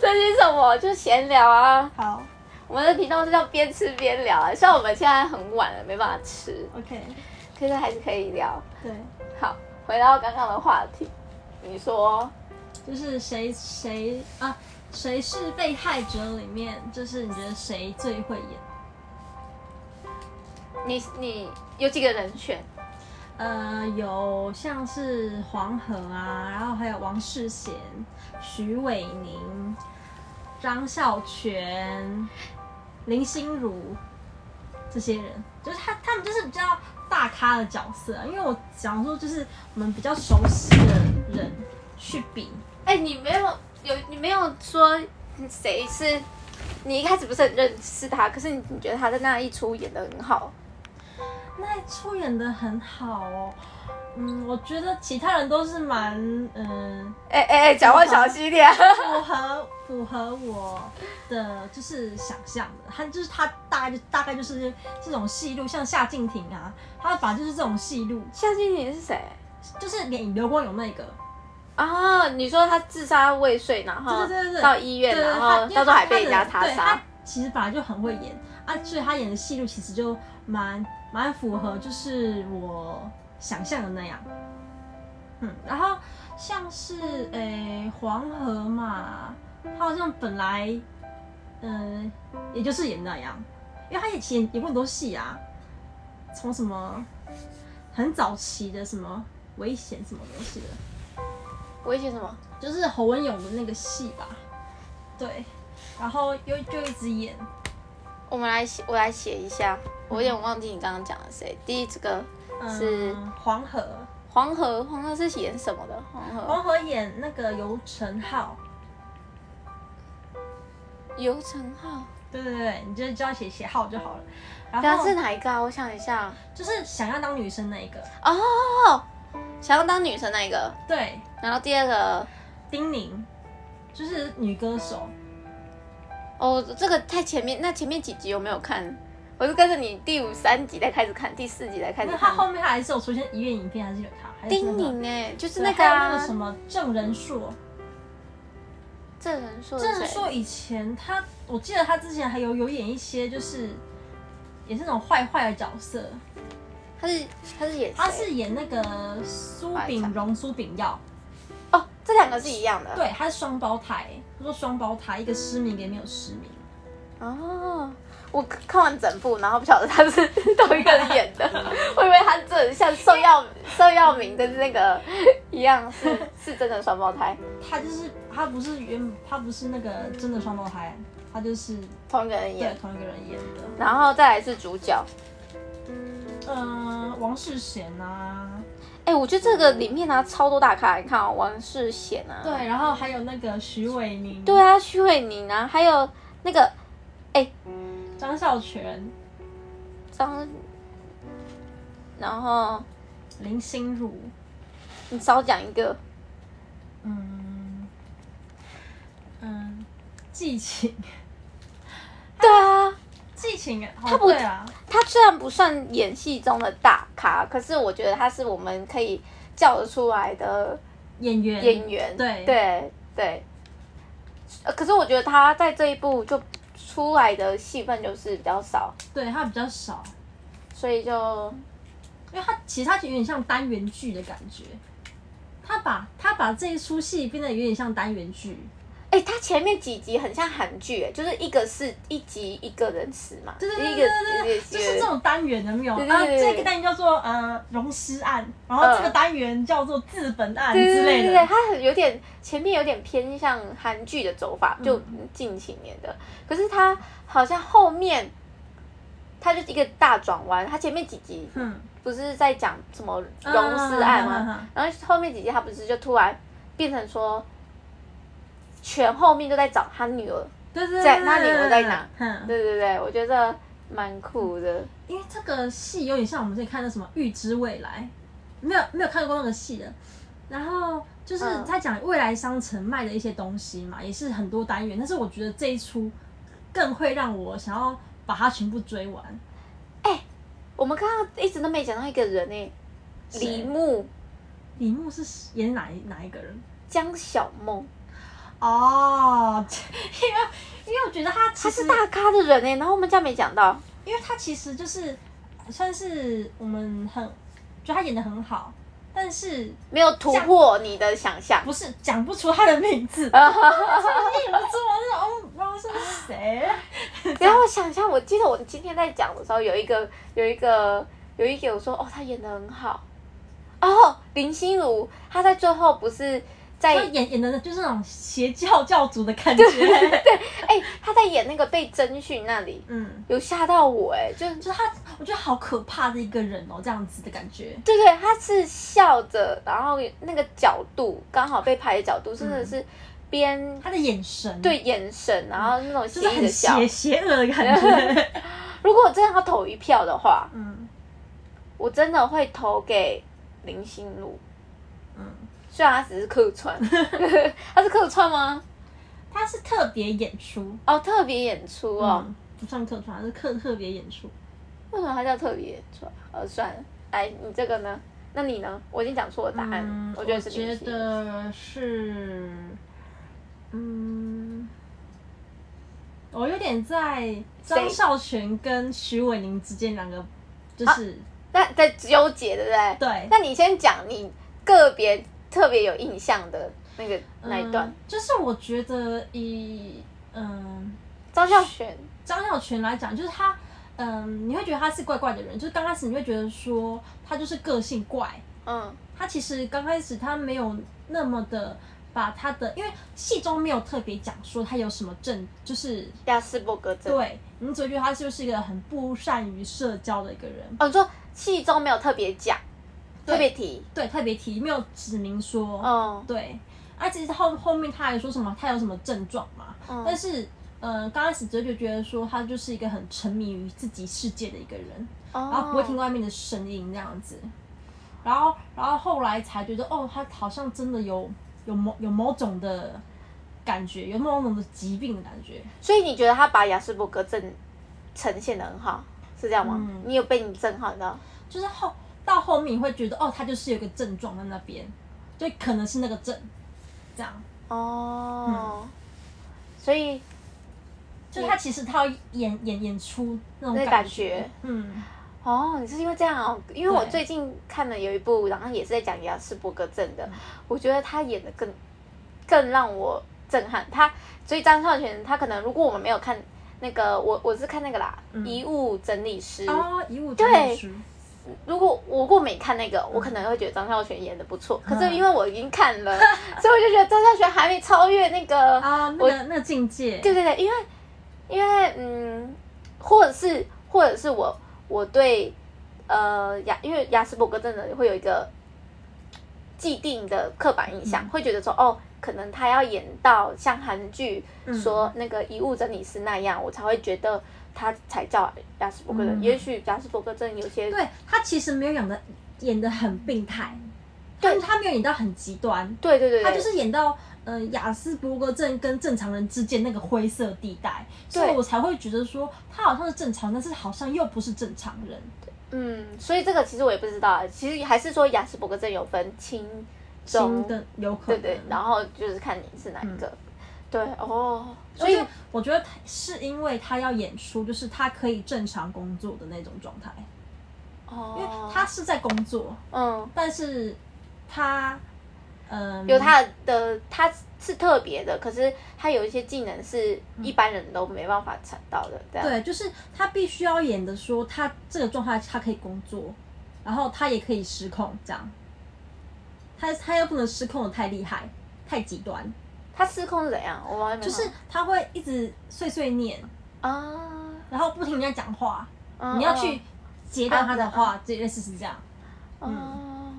這 是什麼？就閒聊啊。好，我們的頻道是叫邊吃邊聊啊、欸。像我們現在很晚了，沒辦法吃。OK，可是還是可以聊。對，好，回到剛剛的話題。你說，就是誰誰啊？誰是被害者裡面，就是你覺得誰最會演？你你有幾個人選？呃，有像是黃河啊，然後還有王識賢。徐偉寧、張孝全、林心如，這些人就是他，他們就是比較大咖的角色，啊。因為我講說，就是我們比較熟悉的人去比，哎、欸，你沒有有你沒有說誰是，你一開始不是很認識他，可是你，你覺得他在那一出演的很好。那出演的很好哦，嗯，我覺得其他人都是蠻，嗯，哎哎哎，講話小心一點，符合符合我的就是想象的他就是他大概就大概就是這種戲路，像夏靖庭啊，他法就是這種戲路。夏靖庭是誰？就是演劉光勇那個啊、哦？你說他自殺未遂，然後對對對到醫院然後到，時候還被人家他殺。其實本來就很會演、嗯、啊，所以他演的戲路其實就。蠻蠻符合，就是我想象的那樣，嗯，然後像是誒黃河嘛，他好像本來，嗯、呃，也就是演那樣，因為他以前演過很多戲啊，從什麼很早期的什麼危險什麼東西的、危險什麼，就是侯文勇的那個戲吧，對，然後又就一直演，我們來寫，我來寫一下。 我有點忘記你剛剛講的誰。第一，這個是黃河，黃河，黃河是演什麼的？黃河，黃河演那個游承浩，游承浩，對對對，你就只要寫寫號就好了。然後是哪一個啊？我想一下，就是想要當女生那一個哦，想要當女生那一個。對，然後第二個丁寧，就是女歌手。哦，這個太前面，那前面幾集有沒有看？我就跟着你第五三集再開始看，第四集再開始看。那他後面他還是有出現醫院影片還影，還是有他？丁寧誒，就是那個、啊、那個什麼鄭人碩、鄭人碩，鄭人碩以前他，我記得他之前還有有演一些，就是也是那種壞壞的角色。他是他是演他是演那個蘇炳榮、蘇炳耀哦，這兩個是一樣的。對，他是雙胞胎，他說雙胞胎，一個失明，一個沒有失明。哦。我看完整部，然後不曉得他是同一個人演的， 我以為他真的像宋耀宋耀明的 那個一樣是是真的雙胞胎。他就是他不是原他不是那個真的雙胞胎，他就是同一個人演，同一個人演的。然後再來是主角，嗯，呃、王識賢吶、啊。哎、欸，我覺得這個裡面呢、啊嗯、超多大咖，你看哦。王識賢啊，對，然後還有那個許瑋甯，對啊，許瑋甯啊，還有那個，哎、欸。張孝全，張，然後林心如，你少講一個，嗯嗯，季情。對啊，啊季情好、啊。他不啊，他雖然不算演戲中的大咖，可是我覺得他是我們可以叫得出來的演員，演員，對對對，呃，可是我覺得他在這一部就。出來的戲份就是比較少，對，它比較少，所以就，因為他其實它就有點像單元劇的感覺，他把它把這一出戲變得有點像單元劇。哎、欸，它前面幾集很像韓劇，哎，就是一個是一集一個人死嘛，對對對對對，一個對對對對對就是這種單元的，沒有這、啊、個單元叫做呃融屍案，然後這個單元叫做自焚案之類的，呃、對對對對對，它很有點前面有點偏向韓劇的走法，就近幾年的、嗯，可是它好像後面它就是一個大轉彎，它前面幾集不是在講什麼融屍案嗎、嗯嗯嗯？然後後面幾集它不是就突然變成說。全後面都在找他女兒，對對在他女兒在哪、嗯？對對對，我覺得蠻酷的。因為這個戲有點像我們之前看的什麼《預知未來》，沒有沒有看過那個戲的。然後就是他講未來商城賣的一些東西嘛、嗯，也是很多單元。但是我覺得這一出更會讓我想要把它全部追完。哎、欸，我們剛剛一直都沒講到一個人呢、欸？李沐，李沐是演哪一哪一個人？江曉孟。哦、oh, 因為因為我覺得他其實他是大咖的人哎、欸，然後我們這樣沒講到，因為他其實就是算是我們很，就他演的很好，但是沒有突破你的想象，不是講不出他的名字，你有嗎？是哦，是是誰？然後我想一下，我記得我今天在講的時候，有一個有一個有一個我說哦，他演的很好，哦，林心如，他在最後不是。在演演的就是那種邪教教主的感覺，對，哎、欸，他在演那個被偵訊那裡，嗯，有嚇到我、欸，哎，就是就他，我覺得好可怕的一個人哦，這樣子的感覺。對對，對，他是笑着，然後那個角度剛好被拍的角度，真的是邊、嗯、他的眼神，對眼神，然後那種邪就是很邪邪惡的感覺。如果真的要投一票的話，嗯，我真的會投給林心如。雖然他只是客串， 他是客串嗎？他是特別演出、哦、演出哦，特別演出哦，不算客串，他是客特別演出。為什麼他叫特別演出？呃、哦，算了，哎，你這個呢？那你呢？我已經講錯了答案，嗯、我，覺我覺得是，覺得是，嗯，我有點在張孝全跟許瑋寧之間兩個，就是、啊、那在糾結，對不對？對，那你先講你個別。特別有印象的那個、嗯、那一段，就是我覺得以嗯張孝全張孝全來講，就是他嗯，你會覺得他是怪怪的人，就是剛開始你會覺得說他就是個性怪，嗯，他其實剛開始他沒有那麼的把他的，因為戲中沒有特別講說他有什麼症，就是亞斯伯格症，對，你只會覺得他就是一個很不善於社交的一個人。哦，你說戲中沒有特別講。特別提對，對特別提沒有指明說、嗯、對，而、啊、且後後面他還說什麼他有什麼症狀嘛？嗯、但是嗯、呃、剛開始哲就覺得說他就是一個很沉迷於自己世界的一個人，哦、然後不會聽外面的聲音這樣子。然後然後後來才覺得哦，他好像真的有有某有某種的感覺，有某種的疾病的感覺。所以你覺得他把亞斯伯格症呈現得很好是這樣嗎？嗯、你有被你震撼到？就是後。到後面會覺得哦，他就是有個症狀在那邊，所以可能是那個症，這樣哦、嗯。所以就他其實他要演演演出那種感覺、那個、感覺，嗯，哦，你是因為這樣、哦？因為我最近看了有一部，然後也是在講亞斯伯格症的、嗯，我覺得他演得更更讓我震撼。他所以張孝全他可能如果我們沒有看那個，我我是看那個啦，遺、嗯、物整理師啊，遺物整理師。如果我過沒看那個，我可能會覺得張孝全演得不錯、嗯。可是因為我已經看了， 所以我就覺得張孝全還沒超越那個、啊那個、我那個、境界。對對對，因為因為嗯，或者是或者是我我對呃雅因為亞斯伯格真的會有一個既定的刻板印象，嗯、會覺得說哦，可能他要演到像韓劇說那個《遺物整理師》那樣、嗯，我才會覺得。他才叫亞斯伯格症。嗯，也許亞斯伯格症有些對他其實沒有演的演的很病態，對他，他沒有演到很極端，對，對對對，他就是演到嗯亞、呃、斯伯格症跟正常人之間那個灰色地帶，所以我才會覺得說他好像是正常，但是好像又不是正常人。嗯，所以這個其實我也不知道，其實還是說亞斯伯格症有分輕、中等，的有可能對對對，然後就是看你是哪一個。嗯對哦所，所以我覺得是因為他要演出，就是他可以正常工作的那種狀態。哦，因為他是在工作，嗯，但是他，嗯有他的他是特別的，可是他有一些技能是一般人都沒辦法踩到的。對，就是他必須要演的，說他這個狀態他可以工作，然後他也可以失控，這樣。他他又不能失控的太厲害，太極端。他失控是怎樣？我有有就是他會一直碎碎念啊，然後不停在講話、啊，你要去截斷他的話，這件事是這樣、啊。嗯，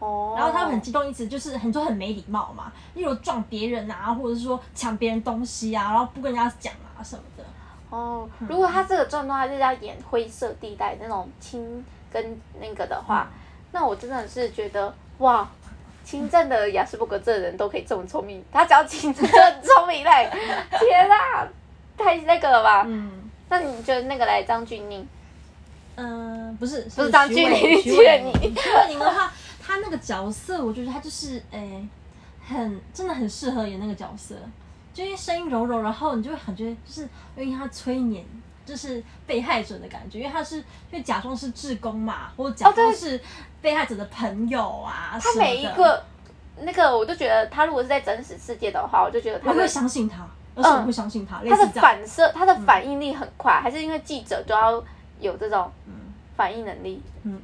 哦。然後他很激動，一直就是很說很沒禮貌嘛，例如撞別人啊，或者是說搶別人東西啊，然後不跟人家講啊什麼的。哦、啊嗯，如果他這個狀態就在，是，演灰色地帶那種親跟那個的話，話，那我真的是覺得哇。清正的亞斯伯格這人都可以這麼聰明，他只要輕症的聰明嘞！ 天啊，太那個了吧？嗯，那你覺得那個來張鈞甯？嗯、呃，不是不是張鈞甯，許瑋甯。許瑋甯 的話，他那個角色，我覺得他就是哎、欸，很真的很適合演那個角色，就因為聲音柔柔，然後你就會很覺得就是因為他催眠，就是被害者的感覺，因為他是，因為假裝是志工嘛，或假裝是被害者的朋友啊，oh, 他每一個那個，我就覺得他如果是在真實世界的話，我就覺得我會，會相信他，嗯、而且我會相信他、嗯。他的反射，他的反應力很快，嗯、還是因為記者都要有這種反應能力？嗯。嗯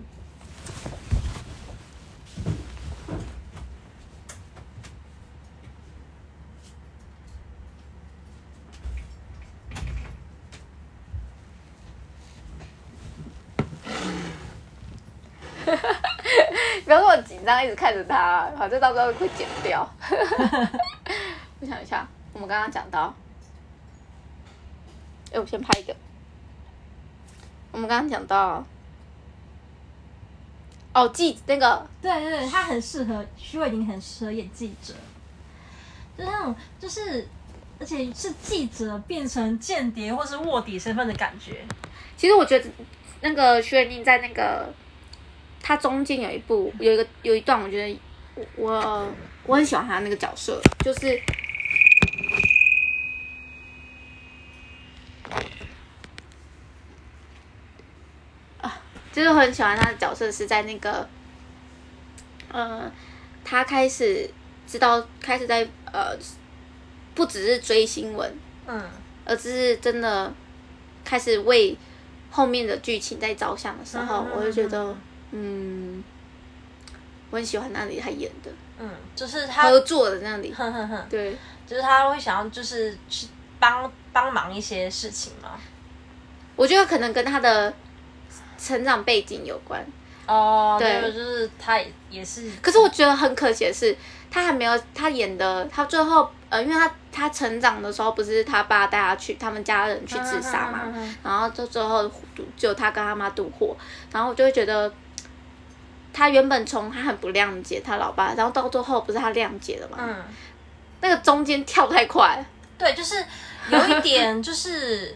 這樣一直看着他，反正到時候會剪掉。 我想一下，我們剛剛講到，哎，我先拍一個。我們剛剛講到，哦，記那個，對對對，他很適合，許瑋甯很適合演記者，就是那種，就是，而且是記者變成間諜或是臥底身份的感覺。其實我覺得那個許瑋甯在那個。他中間有一部，有一個有一段，我覺得我我很喜歡他那個角色，就是啊，就是很喜歡他的角色，是在那個，呃，他開始知道開始在呃，不只是追新聞，嗯，而是真的開始為後面的劇情在着想的時候，我就覺得。嗯，我很喜歡那裡他演的，嗯，就是他合作的那裡，哼哼對，就是他會想要就是去幫幫忙一些事情嘛。我覺得可能跟他的成長背景有關哦對，對，就是他也是。可是我覺得很可惜的是，他還沒有他演的，他最後呃，因為他他成長的時候不是他爸帶他去他們家人去自殺嘛，然後就最後就他跟他媽獨活，然後我就會覺得。他原本從他很不諒解他老爸，然後到最後不是他諒解了嘛？嗯，那個中間跳太快，對，就是有一點就是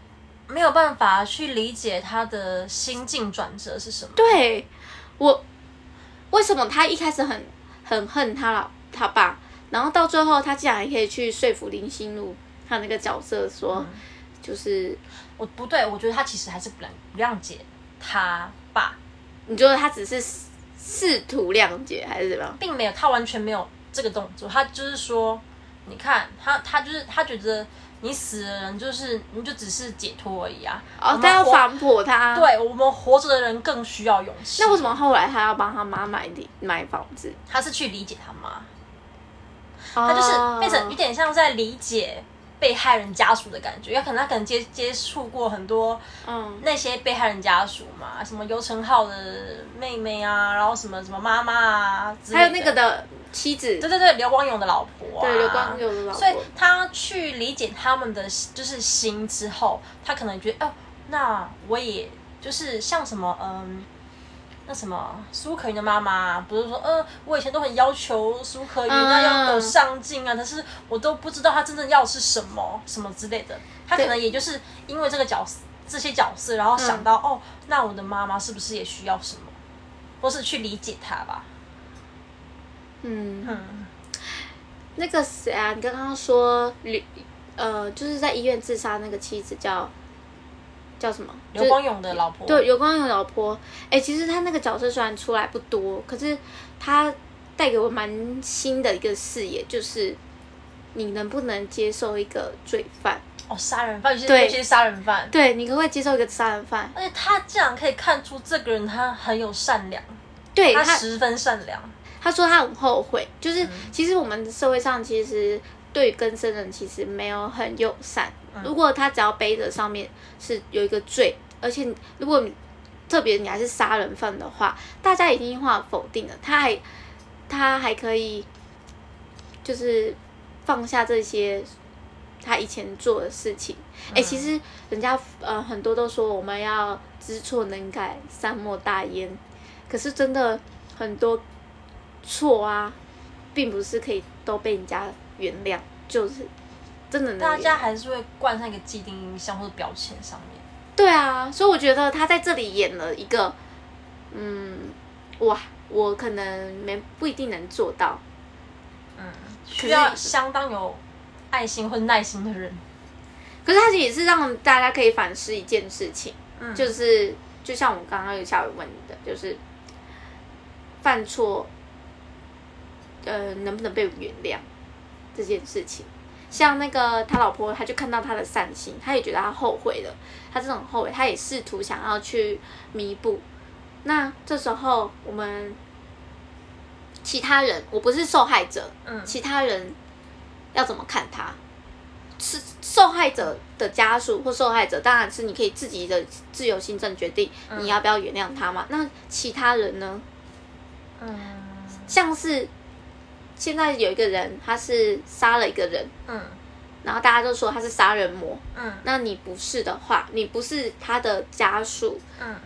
沒有辦法去理解他的心境轉折是什麼？對，我，為什麼他一開始很很恨他老他爸，然後到最後他竟然還可以去說服林心如他那個角色說，嗯，就是我不對，我覺得他其實還是不能諒解他爸。你覺得他只是試圖諒解還是什麼？並沒有，他完全沒有這個動作。他就是說，你看他，他就是他覺得你死的人就是你就只是解脫而已啊！他、哦喔、要反駁他，對我們活着的人更需要勇氣。那為什麼後來他要幫他媽買地買房子？他是去理解他媽，他就是變成有點像在理解。被害人家屬的感覺，也可能他可能接接觸過很多，嗯，那些被害人家屬嘛、嗯，什麼游誠皓的妹妹啊，然後什麼什麼媽媽啊，還有那個的妻子，對對對，劉光勇的老婆、啊，對劉光勇的老婆，所以他去理解他們的就是心之後，他可能覺得，哦、呃，那我也就是像什麼，嗯。那什麼，蘇可芸的媽媽、啊、不是說，呃，我以前都很要求蘇可芸、嗯、那要有上進啊，可是我都不知道他真正要是什麼什麼之類的。他可能也就是因為這個角色、這些角色，然後想到，嗯、哦，那我的媽媽是不是也需要什麼，或是去理解他吧？嗯，嗯那個誰啊，你剛剛說呃，就是在醫院自殺那個妻子叫。叫什麼？劉、就是、光勇的老婆。對，劉光勇的老婆。哎、欸，其實他那個角色雖然出來不多，可是他帶給我蠻新的一個視野，就是你能不能接受一個罪犯？哦，殺人犯，有些殺人犯。對，你可，不可以接受一個殺人犯？而且他竟然可以看出這個人他很有善良，對他，他十分善良。他說他很後悔，就是其實我們社會上其實對更生人其實沒有很友善。如果他只要背着上面是有一個罪，而且如果特別你還是殺人犯的話，大家已經話否定了，他還他還可以就是放下這些他以前做的事情。哎、嗯欸，其實人家呃很多都說我們要知錯能改，善莫大焉。可是真的很多錯啊，並不是可以都被人家原諒，就是。真的，大家還是會灌上一個既定印象或者標籤上面。對啊，所以我覺得他在這裡演了一個，嗯，哇，我可能沒不一定能做到，嗯，需要相當有愛心或耐心的人。可是他也是讓大家可以反思一件事情，嗯，就是就像我剛剛有下問你的，就是犯錯，呃，能不能被原諒這件事情。像那個他老婆，他就看到他的善心，他也覺得他後悔了。他這種後悔，他也試圖想要去彌補。那這時候我們其他人，我不是受害者，嗯，其他人要怎麼看他？是受害者的家屬或受害者，當然是你可以自己的自由心證決定，嗯，你要不要原諒他嘛？那其他人呢？嗯，像是。現在有一個人，他是殺了一個人，嗯，然後大家都說他是殺人魔，嗯，那你不是的話，你不是他的家屬，嗯，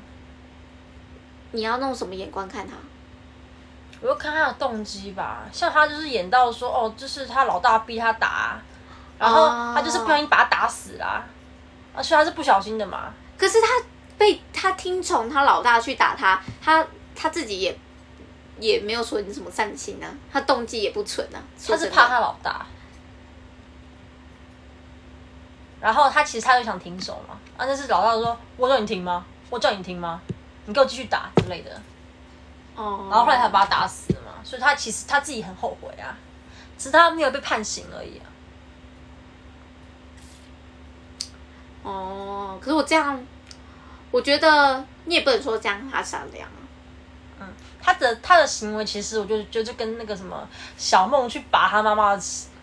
你要弄什麼眼光看他？我就看他的動機吧，像他就是演到說，哦，就是他老大逼他打，然後他，哦，他就是不小心把他打死啊，雖然他是不小心的嘛，可是他被他聽從他老大去打他，他他自己也。也沒有說你什麼善心吶、啊，他動機也不純吶、啊，他是怕他老大。然後他其實他就想停手嘛，啊，但是老大說我叫你停嗎？我叫你停嗎？你給我繼續打之類的。哦、嗯，然後後來他把他打死了嘛，所以他其實他自己很後悔啊，只是他沒有被判刑而已、啊。哦、嗯，可是我這樣，我覺得你也不能說這樣他善良。他的他的行為其實，我就就是跟那個什麼小孟去拔他媽媽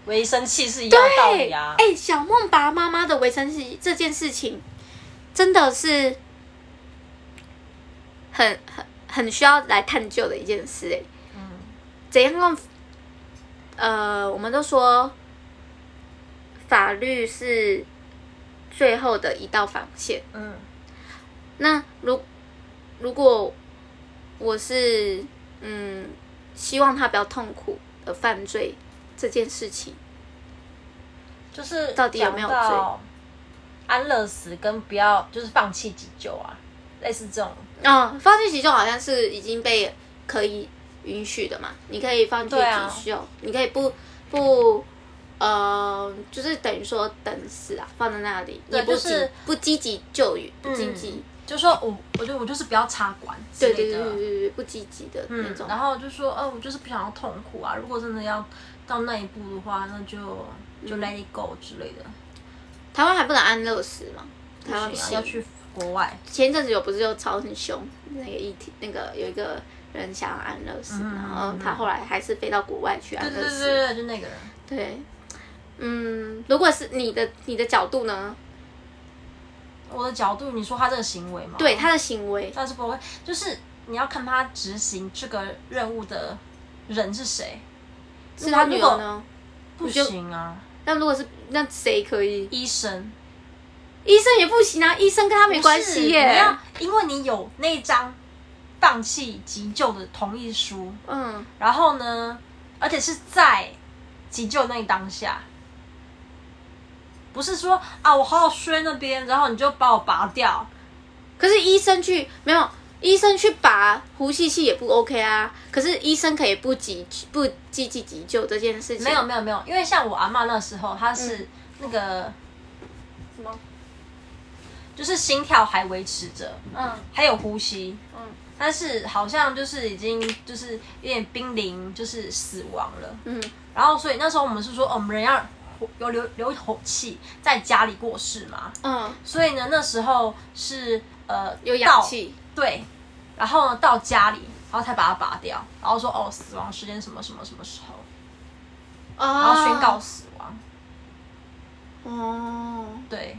的維生器是一樣的道理啊！哎、欸，小孟拔媽媽的維生器這件事情，真的是很很很需要來探究的一件事哎、欸。嗯。怎樣用？呃，我們都說法律是最後的一道防線。嗯。那如如果。如果我是嗯，希望他不要痛苦的犯罪這件事情，就是到，到底有沒有罪？安樂死跟不要就是放棄急救啊，類似這種嗯、哦，放棄急救好像是已經被可以允許的嘛？你可以放棄急救，啊、你可以不不呃，就是等於說等死啊，放在那裡，也不、就是，不積極救援，不積極。嗯就說我，我覺得我就是不要插管之類的對對對對，不積極的那種、嗯。然後就說，哦，我就是不想要痛苦啊。如果真的要到那一步的話，那就就 let it go 之類的。嗯、台灣還不能安樂死嗎？不啊、台灣要去國外。前一陣子有不是有超凶那個議題，那個有一個人想要安樂死、嗯嗯，然後他後來還是飛到國外去安樂死。對，對對對，就那個人。對，嗯，如果是你的你的角度呢？我的角度，你說他這個行為嗎？對他的行為，但是不會。就是你要看他執行這個任務的人是誰，是他女友呢？不行啊！那如果是那誰可以？醫生，醫生也不行啊！醫生跟他沒關係、欸。你要，因為你有那張放棄急救的同意書。嗯。然後呢？而且是在急救那一當下。不是說啊，我好好睡那邊，然後你就把我拔掉。可是醫生去沒有？醫生去拔呼吸器也不 OK 啊。可是醫生可以不急不積極急，急救這件事情。沒有沒有沒有，因為像我阿嬤那時候，她是那個、嗯哦、什麼，就是心跳還維持着，嗯，還有呼吸，嗯，但是好像就是已經就是有點瀕臨就是死亡了，嗯，然後所以那時候我們是說，哦、我們人要。有留留一口氣在家裡過世嘛？嗯，所以呢，那時候是呃，有氧氣對，然後呢到家裡，然後才把它拔掉，然後說哦，死亡時間什麼什麼什麼時候，哦然後宣告死亡。哦，對、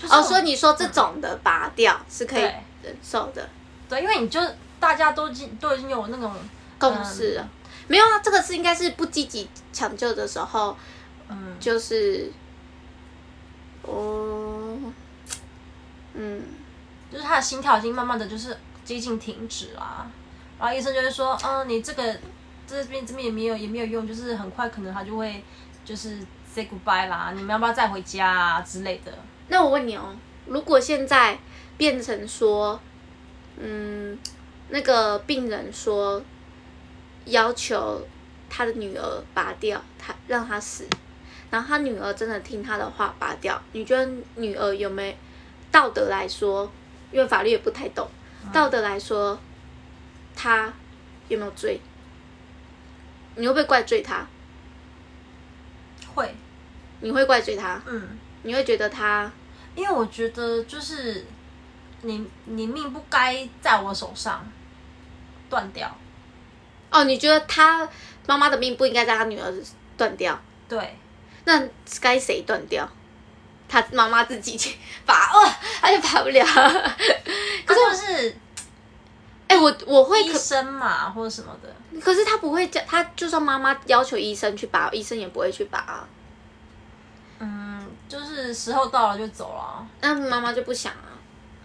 就是，哦，所以你說這種的拔掉是可以忍、嗯、受的，對，因為你就大家都已經都已經有那種、嗯、共識了，沒有啊，這個是應該是不積極搶救的時候。嗯，就是，哦，嗯，就是他的心跳已經慢慢的就是接近停止啦，然後醫生就會說，嗯，你這個這邊這邊也沒有也沒有用，就是很快可能他就會就是 say goodbye 啦，你們要不要再回家、啊、之類的？那我問你哦，如果現在變成說，嗯，那個病人說要求他的女兒拔掉他，讓他死。然後他女兒真的聽他的話拔掉，你覺得女兒有沒道德來說？因為法律也不太懂，道德來說，他、嗯、有沒有罪？你會不會怪罪他？會，你會怪罪他？嗯，你會覺得他？因為我覺得就是你你命不該在我手上斷掉。哦，你覺得他媽媽的命不應該在他女兒斷掉？對。那該誰斷掉？他媽媽自己去拔哦，他就拔不了，了。可是我、啊就是，哎、欸，我我會醫生嘛，或者什麼的。可是他不會叫他，就算媽媽要求醫生去拔，醫生也不會去拔，啊。嗯，就是時候到了就走了。那媽媽就不想啊，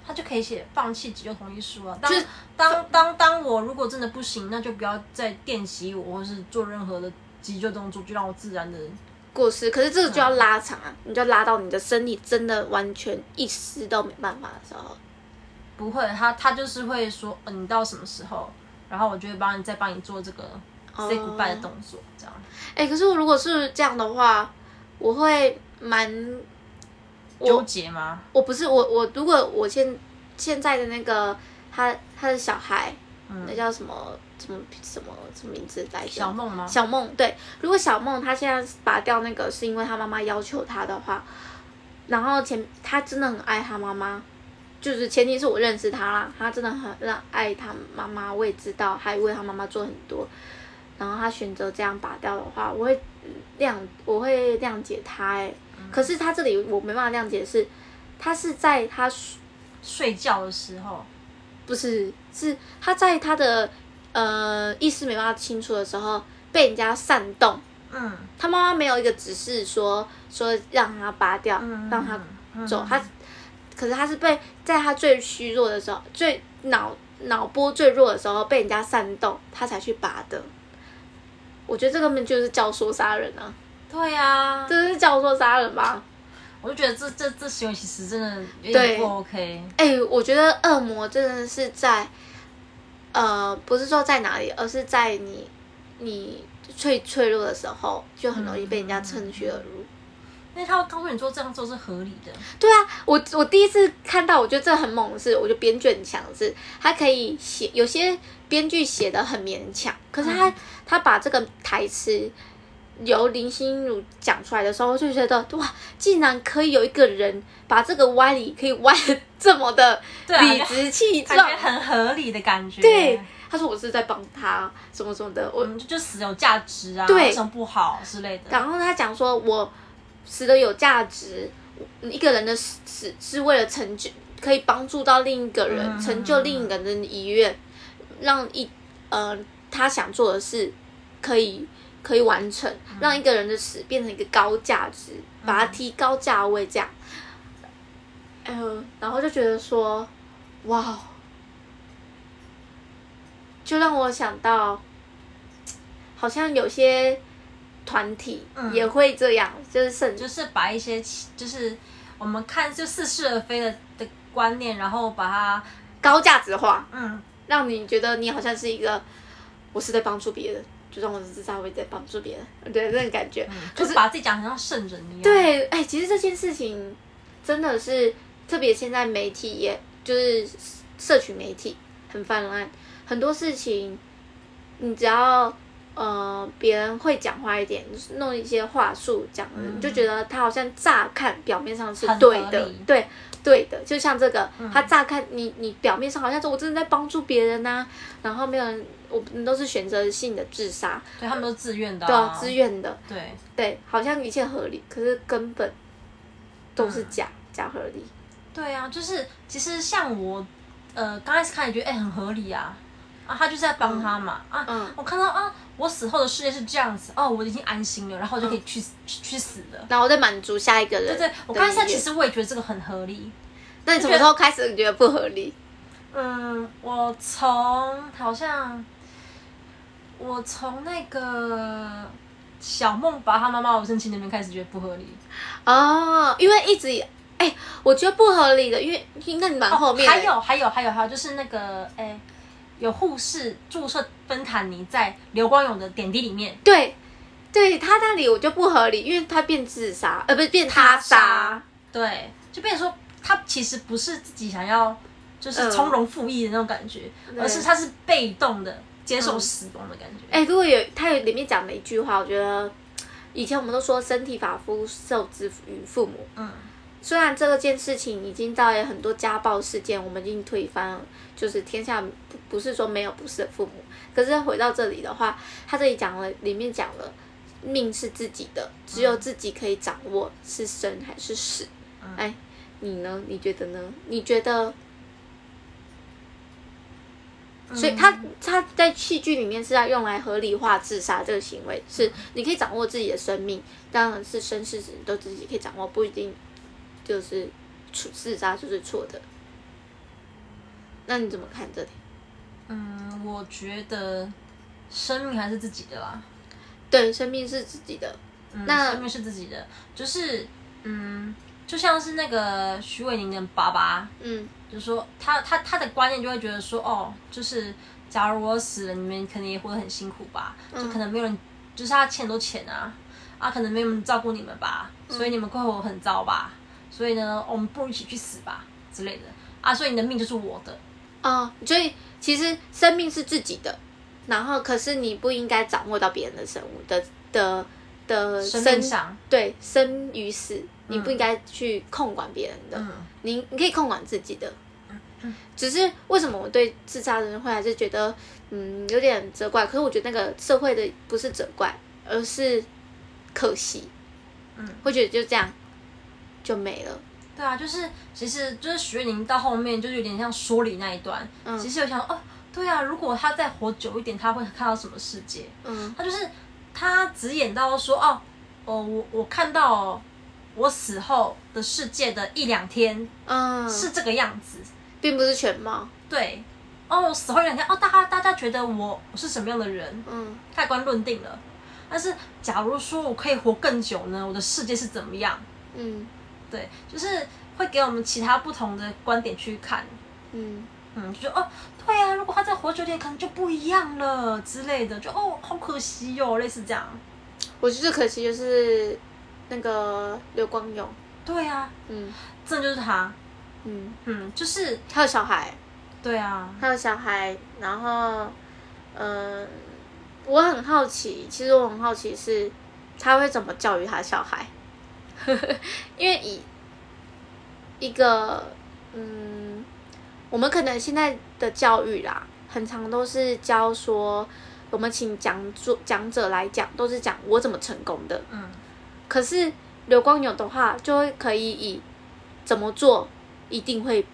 他就可以寫放棄急救同意書了，啊。當當、就是、當，當當當我如果真的不行，那就不要再電擊我，或是做任何的急救動作，就讓我自然的。過失，可是這個就要拉長啊、嗯，你就拉到你的身體真的完全一絲都沒辦法的時候。不會，他他就是會說、呃，你到什麼時候，然後我就會幫你再幫你做這個 say goodbye 的動作，這樣。哎、哦欸，可是我如果是這樣的話，我會蠻糾結嗎？我不是我我如果我現現在的那個他他的小孩、嗯，那叫什麼？什麼什麼什麼名字代表小夢嗎？小夢對，如果小夢她現在拔掉那個是因為她媽媽要求她的話，然後前她真的很愛她媽媽，就是前提是我認識她啦，她真的很讓愛她媽媽，我也知道，還為她媽媽做很多。然後她選擇這樣拔掉的話，我會諒我會諒解她。哎、欸嗯，可是她這裡我沒辦法諒解是，她是在她睡覺的時候，不是是她在她的。呃，意思沒辦法清楚的時候，被人家煽動。嗯，他媽媽沒有一個指示說說讓他拔掉，嗯、讓他走、嗯嗯。他，可是他是被在他最虛弱的時候，最腦腦波最弱的時候被人家煽動，他才去拔的。我覺得這根本就是教唆殺人啊！對呀、啊，這是教唆殺人吧？我就覺得這這這使用其實真的有點不 OK。哎、欸，我覺得惡魔真的是在。呃，不是說在哪裡，而是在你你脆脆弱的時候，就很容易被人家趁虛而入，那、嗯嗯嗯、他告訴你說這樣做是合理的？對啊，我我第一次看到，我覺得這很猛的是，我覺得編劇很強勢，是他可以寫，有些編劇寫的很勉強，可是他他、嗯、把這個台詞。由林心如講出來的時候，我就覺得哇，竟然可以有一個人把這個歪理可以歪的這麼的理直氣壯，對啊、感覺很合理的感覺。對，他說我是在幫他什麼什麼的，我、嗯、就，就死有價值啊，對，為什麼不好之類的。然後他講說，我死的有價值，一個人的死是為了成就，可以幫助到另一個人，嗯、成就另一個人的遺願，讓一呃他想做的事可以。可以完成，嗯，讓一個人的死變成一個高價值，嗯，把它提高價位，這樣，嗯呃，然後就覺得說，哇，就讓我想到，好像有些團體也會這樣，嗯、就是就是把一些就是我們看就似是而非的的觀念，然後把它高價值化，嗯，讓你覺得你好像是一個，我是在幫助別人。就讓我至少會在幫助別人，對那種、個、感覺、嗯，就是把自己講成像聖人一樣。對，哎、欸，其實這件事情真的是特別，現在媒體也就是社群媒體很泛濫，很多事情，你只要呃別人會講話一點，弄一些話術講、嗯，你就覺得他好像乍看表面上是對的，對對的，就像這個，嗯、他乍看你你表面上好像說我真的在幫助別人吶、啊，然後沒有人。我們都是選擇性的自殺，對，他們都自願的、啊，對、啊，自願的，對，對，好像一切合理，可是根本都是假、嗯、假合理。對啊，就是其實像我，呃，剛開始看也覺得哎、欸、很合理啊，啊，他就是在幫他嘛，嗯、啊、嗯，我看到啊，我死後的世界是這樣子，哦，我已經安心了，然後我就可以去、嗯、去死了，然後我再滿足下一個人。對,對對，我看一下，其實我也覺得這個很合理，那你什麼時候開始覺得不合理？嗯，我從好像。我從那個小孟把他媽媽惹生氣那邊開始覺得不合理，哦，因為一直哎、欸，我覺得不合理的，因為應該蠻後面、哦、還有還有還有還有就是那個哎、欸，有護士注射芬坦尼在劉光勇的點滴裡面，對，對他那裡我就不合理，因為他變自殺，呃，不是變他殺，對，就變成說他其實不是自己想要，就是從容赴義的那種感覺、嗯，而是他是被動的。接受死亡的感覺。哎、嗯，如果有他有裡面講了一句話，我覺得以前我們都說身體髮膚受之於父母。嗯。雖然這個件事情已經到了很多家暴事件，我們已經推翻了，就是天下不不是說沒有不是的父母。可是回到這裡的話，他這裡講了，裡面講了，命是自己的，只有自己可以掌握是生還是死。嗯。哎，你呢？你覺得呢？你覺得？所以他，他、嗯、他在戲劇裡面是要用來合理化自殺這個行為，是你可以掌握自己的生命，當然是生是死都自己可以掌握，不一定就是自殺就是錯的。那你怎麼看這裡？嗯，我覺得生命還是自己的啦。對，生命是自己的。嗯、那生命是自己的，就是嗯。就像是那個徐偉寧的爸爸，嗯，就說他他他的觀念就會覺得說，哦，就是假如我死了，你們肯定也活得很辛苦吧，嗯，就可能沒有人，就是他欠很多錢啊，啊，可能沒有人照顧你們吧，所以你們過活很糟吧，嗯，所以呢，我們不如一起去死吧之類的，啊，所以你的命就是我的，啊、呃，所以其實生命是自己的，然後可是你不應該掌握到別人的生物的的。的生，生上對，生與死、嗯，你不應該去控管別人的，嗯、你你可以控管自己的。嗯嗯、只是為什麼我對自殺的人會還是覺得嗯有點責怪？可是我覺得那個社會的不是責怪，而是可惜。嗯，會覺得就這樣就沒了。對啊，就是其實就是徐瑞寧到後面就是有點像說理那一段。嗯，其實我想說哦，對啊，如果他再活久一點，他會看到什麼世界？嗯，他就是。他只演到說哦，哦，我我看到我死後的世界的一兩天，嗯，是這個樣子，並不是全貌。對，哦，我死後一兩天，哦，大家大家覺得我是什麼樣的人，嗯，蓋棺論定了。但是假如說我可以活更久呢，我的世界是怎麼樣？嗯，對，就是會給我們其他不同的觀點去看，嗯。嗯，就，就哦，對呀、啊，如果他再活久點，可能就不一樣了之類的。就哦，好可惜喲、哦，類似這樣。我覺得可惜就是那個劉光勇。對呀、啊，嗯，這就是他，嗯嗯，就是他有小孩。對啊，他有小孩，然後嗯、呃，我很好奇，其實我很好奇是他會怎麼教育他的小孩，呵呵，因為以一個嗯。我們可能現在的教育啦，很常都是教說，我們請講講者來講，都是講我怎麼成功的。嗯。可是劉光友的話，就會可以以怎麼做一定會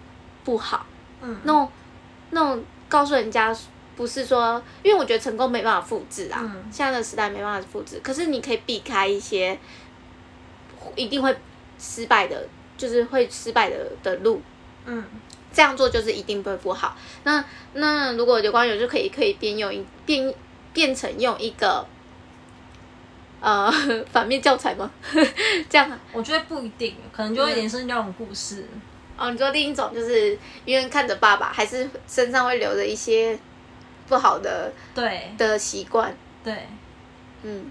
不好。嗯。那那告訴人家，不是說，因為我覺得成功沒辦法複製啊、嗯，現在的時代沒辦法複製。可是你可以避開一些一定會失敗的，就是會失敗的的路。嗯。這樣做就是一定不會不好。那那如果劉光勇就可以可以變用一變變成用一個呃反面教材嗎？ 這樣我覺得不一定，可能就會衍生這種故事。哦，你說另一種就是因為看着爸爸還是身上會留着一些不好的對的習慣，對，嗯，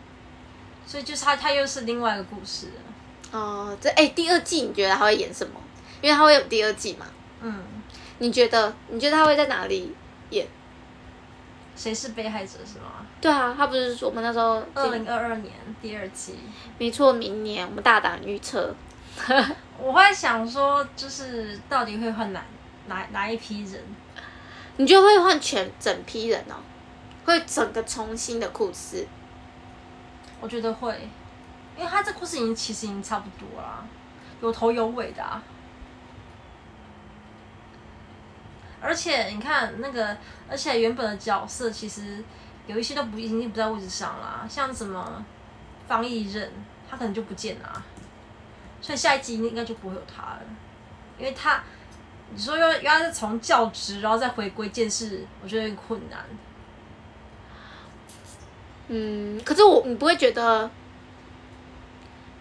所以就是他他又是另外一個故事哦、呃。這哎、欸，第二季你覺得他會演什麼？因為他會有第二季嘛，嗯。你覺得？你覺得他會在哪裡演？誰是被害者是嗎？對啊，他不是說我們那時候二零二二年第二季？沒錯，明年我們大膽預測。 我會想說，就是到底會換哪哪哪一批人？你覺得會換全整批人哦，會整個重新的故事。我覺得會，因為他這故事已經其實已經差不多了啊，有頭有尾的啊。而且你看那個，而且原本的角色其實有一些都不已經不在位置上了，像什麼方毅任，他可能就不見了，所以下一季應該就不會有他了，因為他你說要要是從教職然後再回歸鑑識，我覺得有點困難。嗯，可是我你不會覺得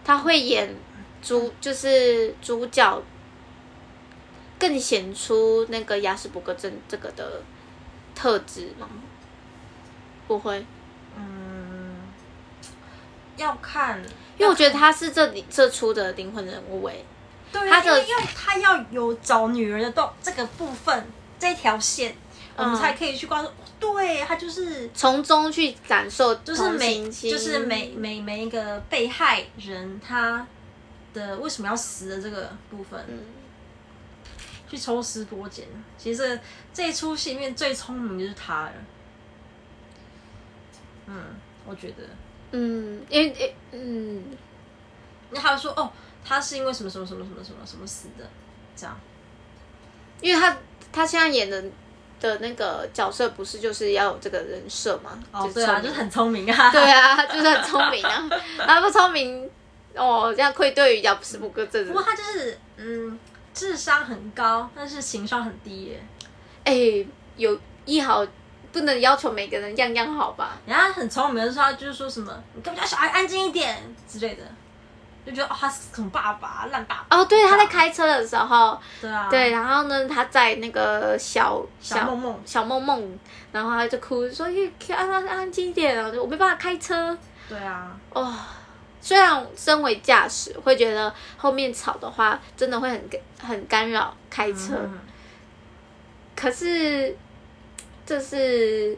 他會演主就是主角？更顯出那個亞斯伯格症這個的特質嗎？不會，嗯，要看，因為我覺得他是這裡這齣的靈魂人物哎，對，他的，因為他要有找女人的動這個部分，這條線，嗯，我們才可以去關注，對他就是從中去感受，就是每就是每每每一個被害人他的為什麼要死的這個部分。嗯去抽絲剝繭，其實這齣戲裡面最聰明的就是他了。嗯，我覺得，嗯，因為，誒，嗯，你還說哦，他是因為什麼什麼什麼什麼什麼什麼死的？這樣，因為他他現在演的的那個角色不是就是要有這個人設嗎？哦，對啊，就是聰明，就很聰明啊，對啊，就是很聰明啊， 他不聰明哦，這樣愧對於亞斯伯格這種。不過他就是，嗯。智商很高，但是情商很低耶。哎、欸，有一，一好不能要求每個人樣樣好吧。人家很聰明的時候，就是說什麼“你跟我們家小孩安靜一點”之類的，就覺得、哦、他是很爸爸，爛爸爸。哦，對，他在開車的時候。對啊。對，然後呢，他在那個小小夢夢小夢夢，然後他就哭說：“去，安安安靜一點啊！”，我沒辦法開車。對啊。哦。雖然身為駕駛，會覺得後面吵的話真的會很很干擾開車，嗯、哼哼，可是這是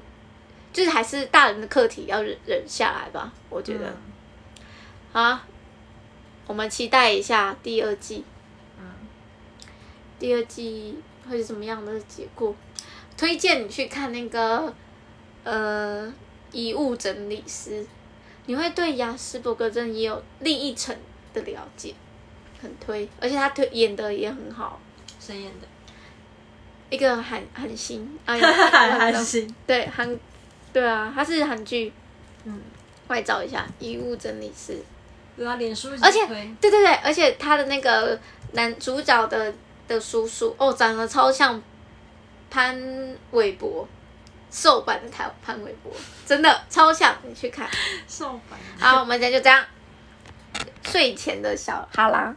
就是還是大人的課題，要忍忍下來吧。我覺得啊、嗯，我們期待一下第二季，嗯、第二季會是什麼樣的結果？推薦你去看那個呃，遺物整理師。你會對亞斯伯格症也有另一層的了解，很推，而且他推演的也很好。誰演的？一個韓韓星啊，韓星、哎。 對韓，對啊，他是韓劇。嗯。快找一下，《遺物整理師》是。對啊，臉書。而且，對對對，而且他的那個男主角的的叔叔哦，長得超像潘瑋柏。瘦版的他，潘瑋柏真的超像，你去看瘦版。好，我們今天就這樣，睡前的小哈拉。